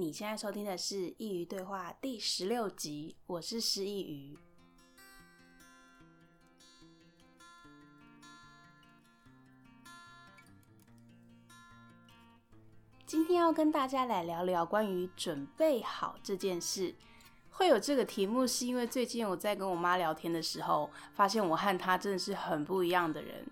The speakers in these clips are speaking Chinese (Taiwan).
你現在收聽的是《佾萮對話》第十六集，我是師佾萮。今天要跟大家來聊聊關於準備好這件事。會有這個題目，是因為最近我在跟我媽聊天的時候，發現我和她真的是很不一樣的人。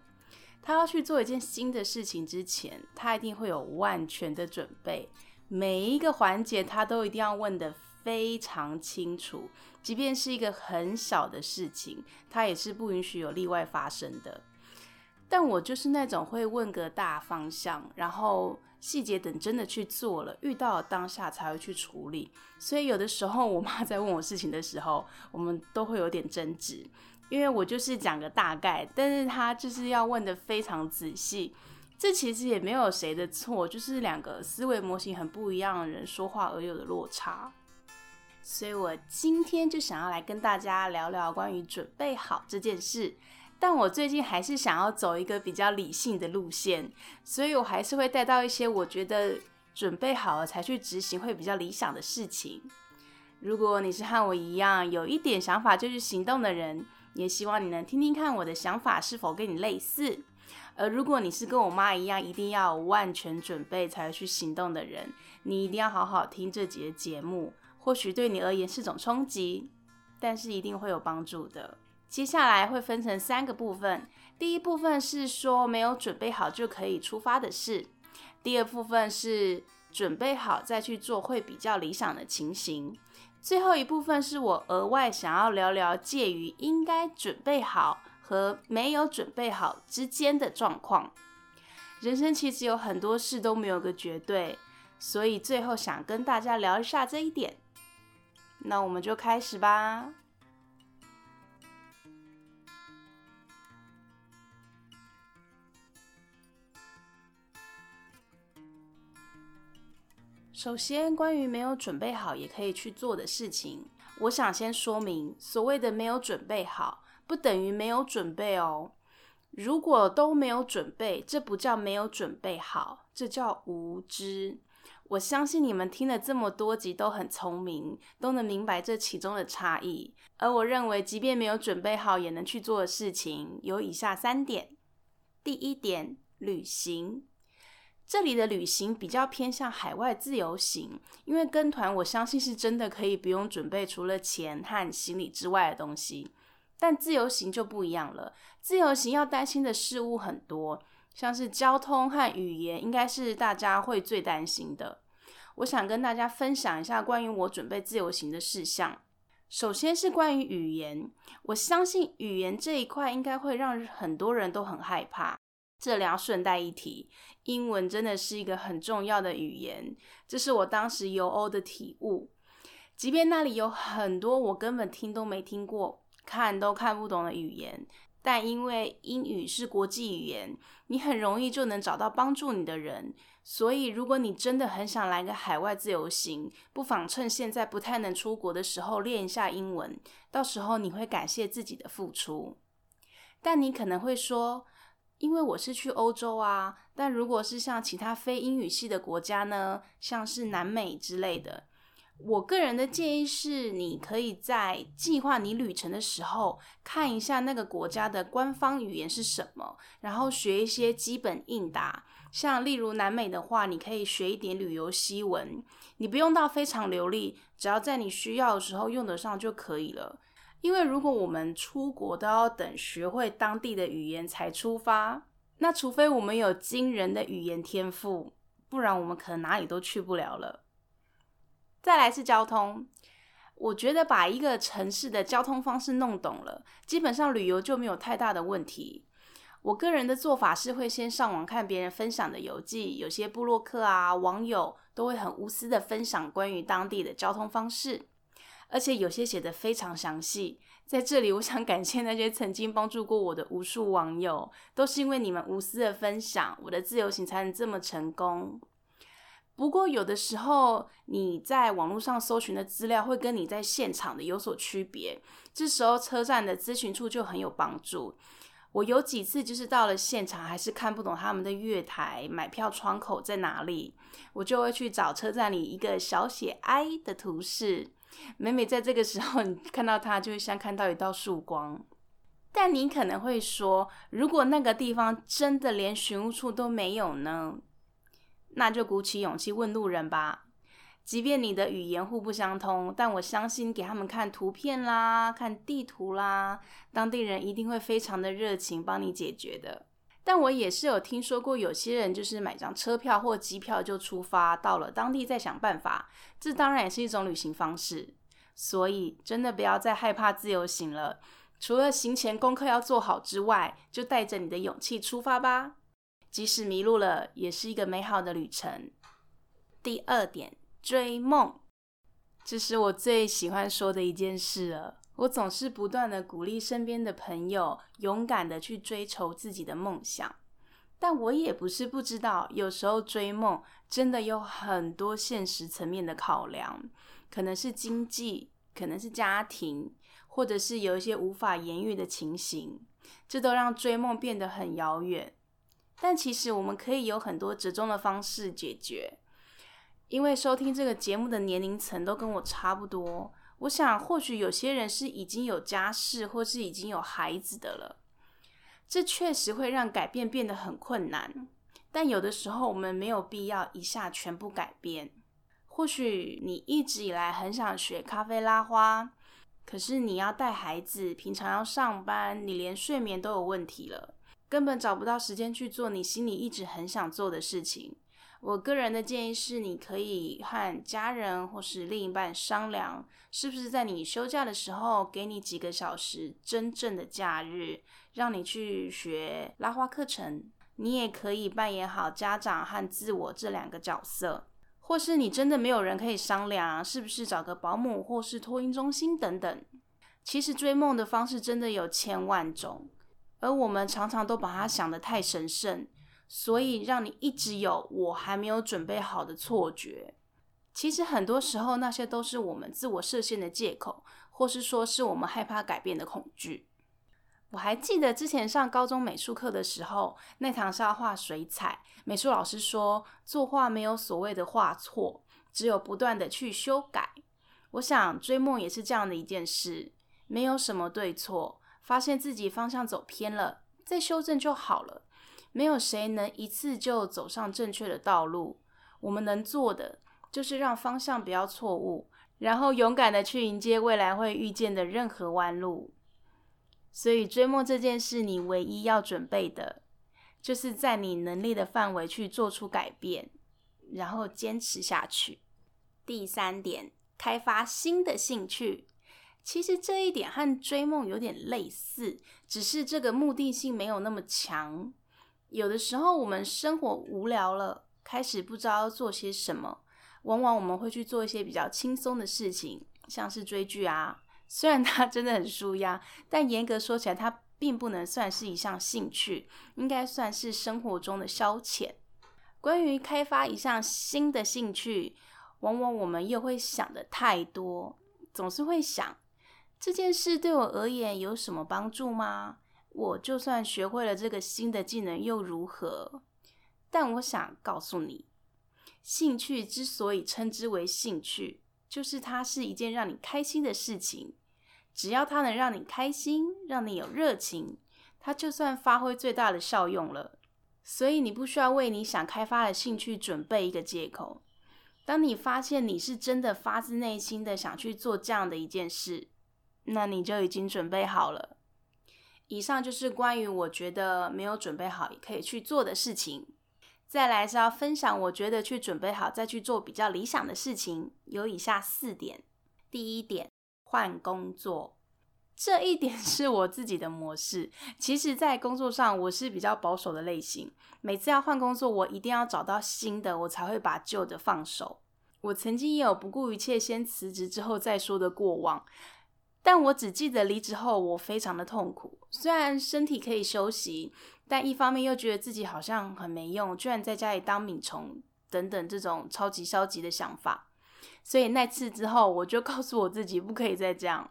她要去做一件新的事情之前，她一定會有萬全的準備。每一個環節，他都一定要問得非常清楚，即便是一個很小的事情，他也是不允許有例外發生的。但我就是那種會問個大方向，然後細節等真的去做了，遇到了當下才會去處理。所以有的時候，我媽在問我事情的時候，我們都會有點爭執，因為我就是講個大概，但是她就是要問得非常仔細。這其實也沒有誰的錯，就是兩個思維模型很不一樣的人說話而有的落差。所以我今天就想要來跟大家聊聊關於準備好這件事。但我最近還是想要走一個比較理性的路線，所以我還是會帶到一些我覺得準備好了才去執行會比較理想的事情。如果你是和我一樣有一點想法就去行動的人，也希望你能聽聽看我的想法是否跟你類似。而如果你是跟我媽一樣，一定要萬全準備才去行動的人，你一定要好好聽這節節目。或許對你而言是種衝擊，但是一定會有幫助的。接下來會分成三個部分，第一部分是說沒有準備好就可以出發的事，第二部分是準備好再去做會比較理想的情形，最後一部分是我額外想要聊聊介於應該準備好。和沒有準備好之間的狀況，人生其實有很多事都沒有個絕對，所以最後想跟大家聊一下這一點。那我們就開始吧。首先，關於沒有準備好也可以去做的事情，我想先說明所謂的沒有準備好。不等於沒有準備哦。如果都沒有準備，這不叫沒有準備好，這叫無知。我相信你們聽了這麼多集都很聰明，都能明白這其中的差異。而我認為，即便沒有準備好也能去做的事情，有以下三點。第一點，旅行。這裡的旅行比較偏向海外自由行，因為跟團，我相信是真的可以不用準備除了錢和行李之外的東西。但自由行就不一樣了，自由行要擔心的事物很多，像是交通和語言，應該是大家會最擔心的。我想跟大家分享一下關於我準備自由行的事項。首先是關於語言，我相信語言這一塊應該會讓很多人都很害怕。這裡要順帶一提，英文真的是一個很重要的語言，這是我當時遊歐的體悟，即便那裡有很多我根本聽都沒聽過。看都看不懂的語言，但因為英語是國際語言，你很容易就能找到幫助你的人。所以，如果你真的很想來個海外自由行，不妨趁現在不太能出國的時候練一下英文，到時候你會感謝自己的付出。但你可能會說，因為我是去歐洲啊，但如果是像其他非英語系的國家呢，像是南美之類的。我個人的建議是，你可以在計劃你旅程的時候看一下那個國家的官方語言是什麼，然後學一些基本應答。像例如南美的話，你可以學一點旅遊西文，你不用到非常流利，只要在你需要的時候用得上就可以了。因為如果我們出國都要等學會當地的語言才出發，那除非我們有驚人的語言天賦，不然我們可能哪裡都去不了了。再來是交通，我覺得把一個城市的交通方式弄懂了，基本上旅遊就沒有太大的問題。我個人的做法是會先上網看別人分享的遊記，有些部落客啊、網友都會很無私的分享關於當地的交通方式，而且有些寫得非常詳細。在這裡，我想感謝那些曾經幫助過我的無數網友，都是因為你們無私的分享，我的自由行才能這麼成功。不過，有的時候你在網絡上搜尋的資料會跟你在現場的有所區別，這時候車站的諮詢處就很有幫助。我有幾次就是到了現場還是看不懂他們的月台買票窗口在哪裡，我就會去找車站裡一個小寫 I 的圖示。每每在這個時候，你看到它就會像看到一道曙光。但你可能會說，如果那個地方真的連詢問處都沒有呢？那就鼓起勇氣問路人吧，即便你的語言互不相通，但我相信給他們看圖片啦、看地圖啦，當地人一定會非常的熱情幫你解決的。但我也是有聽說過有些人就是買張車票或機票就出發，到了當地再想辦法，這當然也是一種旅行方式。所以真的不要再害怕自由行了，除了行前功課要做好之外，就帶着你的勇氣出發吧。即使迷路了，也是一個美好的旅程。第二點，追夢。這是我最喜歡說的一件事了。我總是不斷的鼓勵身邊的朋友勇敢的去追求自己的夢想，但我也不是不知道，有時候追夢真的有很多現實層面的考量，可能是經濟，可能是家庭，或者是有一些無法言喻的情形，這都讓追夢變得很遙遠。但其實我們可以有很多折中的方式解決，因為收聽這個節目的年齡層都跟我差不多。我想，或許有些人是已經有家室或是已經有孩子的了，這確實會讓改變變得很困難。但有的時候，我們沒有必要一下全部改變。或許你一直以來很想學咖啡拉花，可是你要帶孩子，平常要上班，你連睡眠都有問題了。根本找不到時間去做你心裡一直很想做的事情。我個人的建議是，你可以和家人或是另一半商量，是不是在你休假的時候給你幾個小時真正的假日，讓你去學拉花課程。你也可以扮演好家長和自我這兩個角色，或是你真的沒有人可以商量，是不是找個保姆或是托嬰中心等等。其實追夢的方式真的有千萬種。而我們常常都把它想得太神聖，所以讓你一直有我還沒有準備好的錯覺。其實很多時候，那些都是我們自我設限的借口，或是說是我們害怕改變的恐懼。我還記得之前上高中美術課的時候，那堂是要畫水彩，美術老師說，作畫沒有所謂的畫錯，只有不斷的去修改。我想追夢也是這樣的一件事，沒有什麼對錯。發現自己方向走偏了，再修正就好了。沒有誰能一次就走上正確的道路，我們能做的就是讓方向不要錯誤，然後勇敢的去迎接未來會遇見的任何彎路。所以追夢這件事，你唯一要準備的，就是在你能力的範圍去做出改變，然後堅持下去。第三點，開發新的興趣。其實這一點和追夢有點類似，只是這個目的性沒有那麼強。有的時候我們生活無聊了，開始不知道要做些什麼，往往我們會去做一些比較輕鬆的事情，像是追劇啊。雖然它真的很舒壓，但嚴格說起來，它並不能算是一項興趣，應該算是生活中的消遣。關於開發一項新的興趣，往往我們又會想得太多，總是會想。這件事對我而言有什麼幫助嗎？我就算學會了這個新的技能又如何？但我想告訴你，興趣之所以稱之為興趣，就是它是一件讓你開心的事情。只要它能讓你開心，讓你有熱情，它就算發揮最大的效用了。所以你不需要為你想開發的興趣準備一個借口。當你發現你是真的發自內心的想去做這樣的一件事。那你就已經準備好了。以上就是關於我覺得沒有準備好也可以去做的事情。再來是要分享我覺得去準備好再去做比較理想的事情，有以下四點。第一點，換工作。這一點是我自己的模式。其實，在工作上我是比較保守的類型。每次要換工作，我一定要找到新的，我才會把舊的放手。我曾經也有不顧一切先辭職之後再說的過往。但我只記得離職後我非常的痛苦，雖然身體可以休息，但一方面又覺得自己好像很沒用，居然在家裡當米蟲等等這種超級消極的想法。所以那次之後，我就告訴我自己不可以再這樣，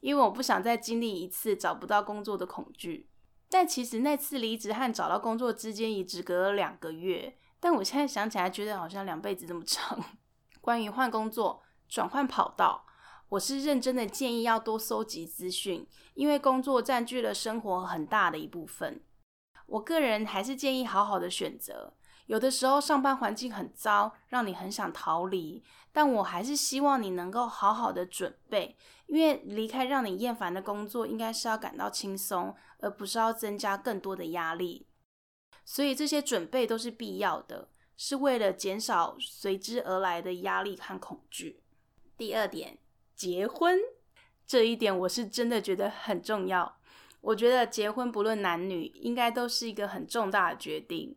因為我不想再經歷一次找不到工作的恐懼。但其實那次離職和找到工作之間也只隔了兩個月，但我現在想起來覺得好像兩輩子這麼長。關於換工作、轉換跑道。我是認真的，建議要多搜集資訊，因為工作占據了生活很大的一部分。我個人還是建議好好的選擇。有的時候上班環境很糟，讓你很想逃離，但我還是希望你能夠好好的準備，因為離開讓你厭煩的工作，應該是要感到輕鬆，而不是要增加更多的壓力。所以這些準備都是必要的，是為了減少隨之而來的壓力和恐懼。第二點。結婚這一點，我是真的覺得很重要。我覺得結婚不論男女，應該都是一個很重大的決定，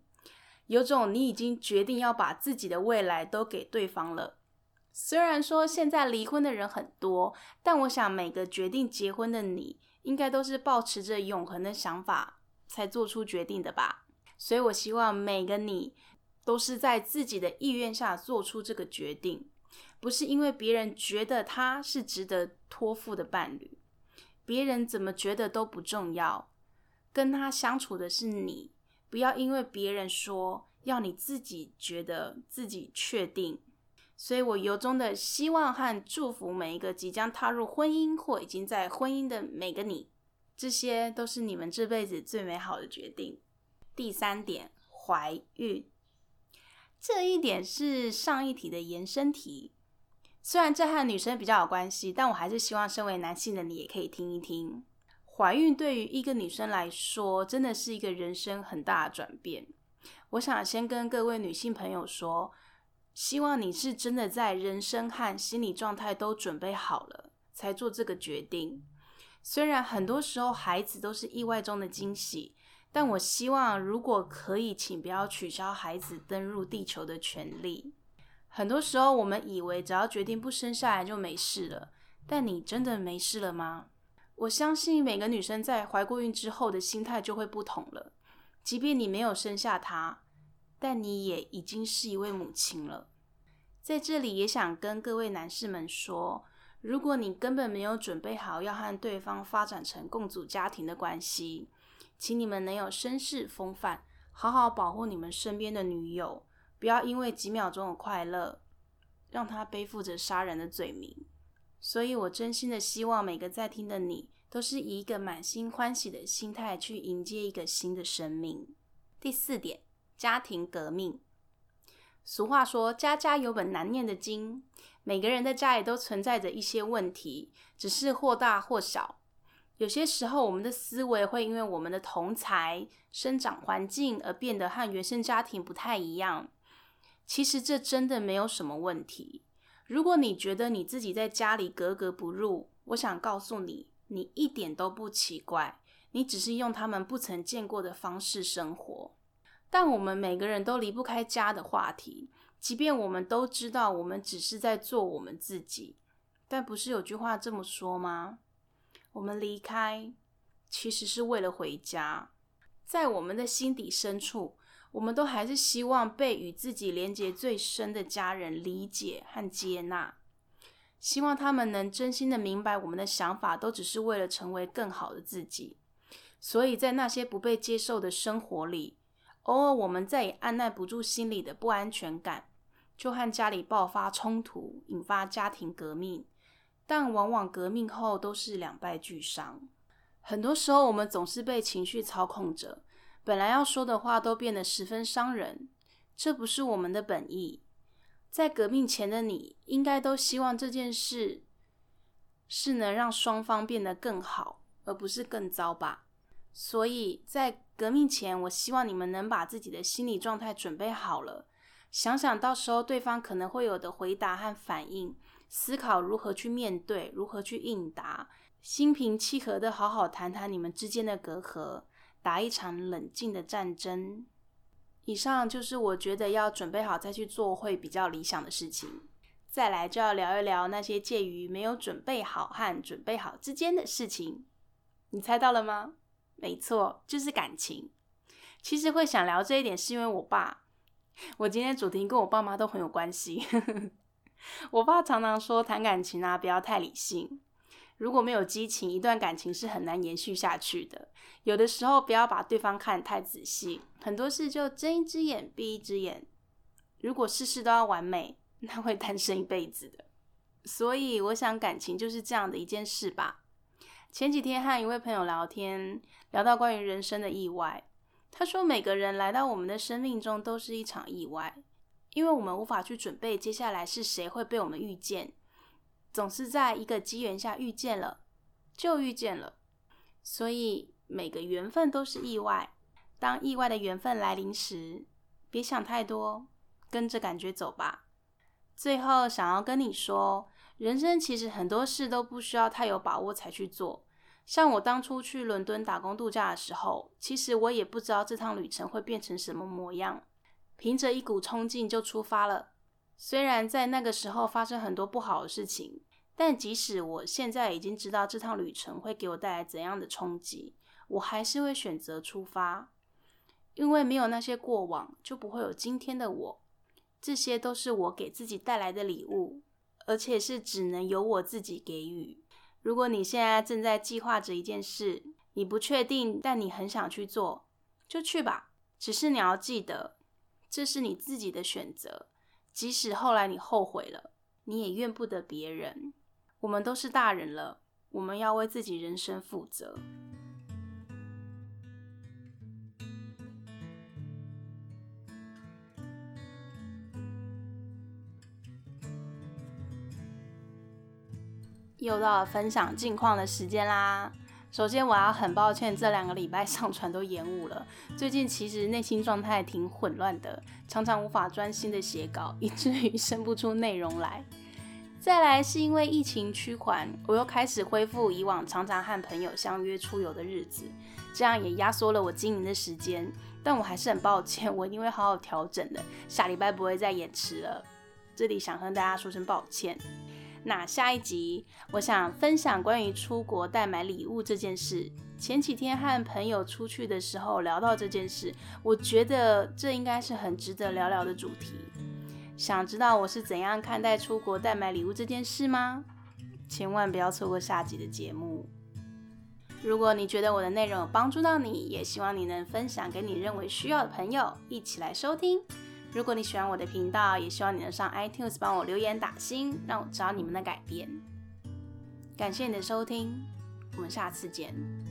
有種你已經決定要把自己的未來都給對方了。雖然說現在離婚的人很多，但我想每個決定結婚的你，應該都是抱持着永恆的想法才做出決定的吧。所以，我希望每個你都是在自己的意願下做出這個決定。不是因為別人覺得他是值得託付的伴侶，別人怎麼覺得都不重要。跟他相處的是你，不要因為別人說，要你自己覺得自己確定。所以，我由衷的希望和祝福每一個即將踏入婚姻或已經在婚姻的每個你，這些都是你們這輩子最美好的決定。第三點，懷孕，這一點是上一題的延伸題。雖然這和女生比較有關係，但我還是希望身為男性的你也可以聽一聽。懷孕對於一個女生來說，真的是一個人生很大的轉變。我想先跟各位女性朋友說，希望你是真的在人生和心理狀態都準備好了，才做這個決定。雖然很多時候孩子都是意外中的驚喜，但我希望如果可以，請不要取消孩子登入地球的權利。很多時候，我們以為只要決定不生下來就沒事了，但你真的沒事了嗎？我相信每個女生在懷過孕之後的心態就會不同了。即便你沒有生下她，但你也已經是一位母親了。在這裡也想跟各位男士們說，如果你根本沒有準備好要和對方發展成共組家庭的關係，請你們能有紳士風範，好好保護你們身邊的女友。不要因為幾秒鐘的快樂，讓他背負着殺人的罪名。所以，我真心的希望每個在聽的你，都是以一個滿心歡喜的心態去迎接一個新的生命。第四點，家庭革命。俗話說，家家有本難念的經。每個人的家裡都存在着一些問題，只是或大或小。有些時候，我們的思維會因為我們的同儕、生長環境而變得和原生家庭不太一樣。其實這真的沒有什麼問題。如果你覺得你自己在家裡格格不入，我想告訴你，你一點都不奇怪，你只是用他們不曾見過的方式生活。但我們每個人都離不開家的話題，即便我們都知道我們只是在做我們自己，但不是有句話這麼說嗎？我們離開，其實是為了回家，在我們的心底深處。我們都還是希望被與自己連接最深的家人理解和接納，希望他們能真心的明白我們的想法，都只是為了成為更好的自己。所以在那些不被接受的生活裡，偶爾我們再也按捺不住心裡的不安全感，就和家裡爆發衝突，引發家庭革命。但往往革命後都是兩敗俱傷。很多時候，我們總是被情緒操控着。本來要說的話都變得十分傷人，這不是我們的本意。在革命前的你，應該都希望這件事是能讓雙方變得更好，而不是更糟吧？所以在革命前，我希望你們能把自己的心理狀態準備好了，想想到時候對方可能會有的回答和反應，思考如何去面對，如何去應答，心平氣和地好好談談你們之間的隔閡。打一場冷靜的戰爭。以上就是我覺得要準備好再去做會比較理想的事情。再來就要聊一聊那些介於沒有準備好和準備好之間的事情。你猜到了嗎？沒錯，就是感情。其實會想聊這一點，是因為我爸。我今天主題跟我爸媽都很有關係。呵呵。我爸常常說，談感情啊，不要太理性。如果沒有激情，一段感情是很難延續下去的。有的時候，不要把對方看得太仔細，很多事就睜一隻眼閉一隻眼。如果事事都要完美，那會單身一輩子的。所以，我想感情就是這樣的一件事吧。前幾天和一位朋友聊天，聊到關於人生的意外，他說：“每個人來到我們的生命中都是一場意外，因為我們無法去準備接下來是誰會被我們遇見。”總是在一個機緣下遇見了，就遇見了，所以每個緣分都是意外。當意外的緣分來臨時，別想太多，跟着感覺走吧。最後想要跟你說，人生其實很多事都不需要太有把握才去做。像我當初去倫敦打工度假的時候，其實我也不知道這趟旅程會變成什麼模樣，憑着一股衝勁就出發了。雖然在那個時候發生很多不好的事情，但即使我現在已經知道這趟旅程會給我帶來怎樣的衝擊，我還是會選擇出發。因為沒有那些過往，就不會有今天的我。這些都是我給自己帶來的禮物，而且是只能由我自己給予。如果你現在正在計劃着一件事，你不確定，但你很想去做，就去吧。只是你要記得，這是你自己的選擇。即使後來你後悔了，你也怨不得別人。我們都是大人了，我們要為自己人生負責。又到了分享近況的時間啦！首先，我要很抱歉，這兩個禮拜上傳都延誤了。最近其實內心狀態挺混亂的，常常無法專心的寫稿，以至於生不出內容來。再來是因為疫情趨緩，我又開始恢復以往常常和朋友相約出遊的日子，這樣也壓縮了我經營的時間。但我還是很抱歉，我一定會好好調整的，下禮拜不會再延遲了。這裡想和大家說聲抱歉。那下一集，我想分享關於出國代買禮物這件事。前幾天和朋友出去的時候聊到這件事，我覺得這應該是很值得聊聊的主題。想知道我是怎樣看待出國代買禮物這件事嗎？千萬不要錯過下集的節目。如果你覺得我的內容有幫助到你，也希望你能分享給你認為需要的朋友，一起來收聽。如果你喜歡我的頻道，也希望你能上 iTunes 幫我留言打星，讓我知道你們的改變。感謝你的收聽，我們下次見。